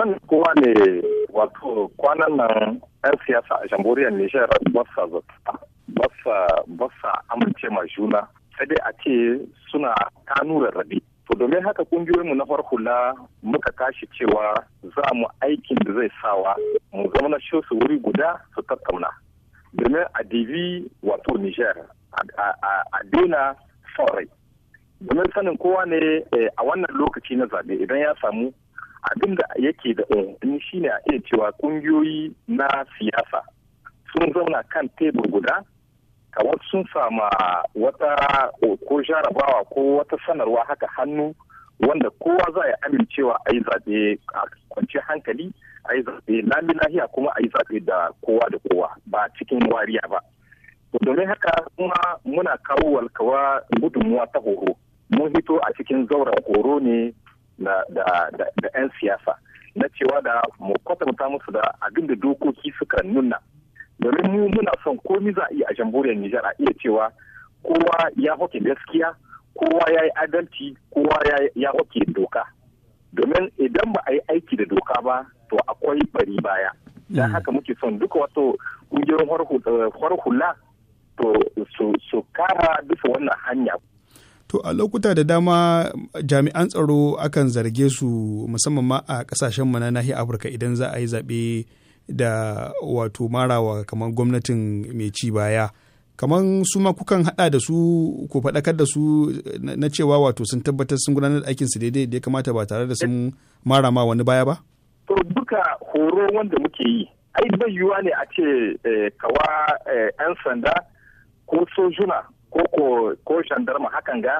sani kowa ne wato kwanan nan 'yan siyasa a jamhuriyar Nijar ba sa zata ba sa amince ma juna sai dai a ce suna kanura rabe. To domin haka kungiyoyinmu na farkula muka kashi cewa za mu aikin da zai sawa mu zama na su wuri guda su tattauna. Domin a divi wato Nijar a dina son rai. Domin sanin kowa ne eh, a wannan lokaci na zaɓe idan ya samu abin da yake da umarni shine a iya cewa kungiyoyi na siyasa sun zauna kan tebur guda kamar sun sama wata ko jarabawa ko wata sanarwa haka hannu wanda kowa za ya amincewa a yi zaɓe a kwanci hankali a yi zaɓe lami lahiya kuma a yi zaɓe da kowa da kowa ba cikin wariya ba domin haka kuma muna kawo walkawa gudunmuwa ta horo mun hito a cikin zauren horo ne da 'yan siyasa na cewa da mu kwatanta musu da abin da dokoki suka nuna domin mu muna son komi za a iya a jamhuriyar nijar a iya cewa kowa ya hoke gaskiya kowa ya yi adalci kowa ya hoke doka domin idan ba a yi aiki da doka ba to akwai bari baya don mm. haka muke son duka wato kungiyoyin hula to su kara bisa wannan hanya To a lokuta da dama jami'an tsaro akan zarge su musamman ma a kasashen mu na nahiyar Afirka idan za a yi zaɓe da wato marawa kamar gwamnatin mai ci baya. Kamar su ma kukan haɗa da su ku faɗakar da su na cewa wato sun tabbatar sun gudanar da su daidai da ya kamata ba tare da sun mara ma wani baya ba? To duka horo wanda muke yi, ai bai yiwuwa ne a ce eh, kawa eh, 'yan sanda ko sojuna ko shandarma hakan ga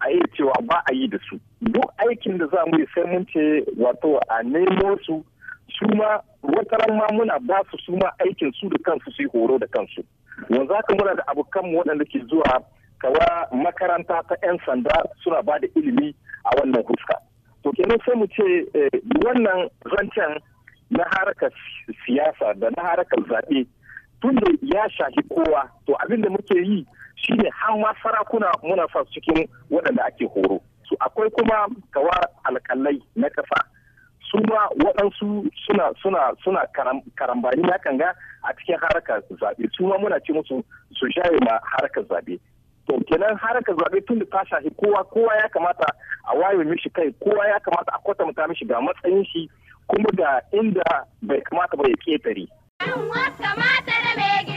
a iya cewa ba a yi da su duk aikin da za mu yi sai mun ce wato a nemo su su ma wata ma muna ba su su ma aikin su da kansu su yi horo da kansu yanzu haka muna da abokanmu waɗanda ke zuwa kawa makaranta ta 'yan sanda suna ba da ilimi a wannan huska to kenan sai mu ce eh, wannan zancen na harkar siyasa da na harkar zaɓe tun da ya shafi kowa to abin da muke yi shi ne har ma sarakuna muna sa cikin waɗanda ake horo su akwai kuma kawar alƙalai na ƙasa su ma waɗansu suna suna suna karambani na kanga a cikin harkar zaɓe su ma muna ce musu su shaye ma harkar zaɓe to kenan harkar zaɓe tun da ta shafi kowa kowa ya kamata a waye mishi kai kowa ya kamata a kwatanta mishi ga matsayin shi kuma ga inda bai kamata ba ya ketare. kamata da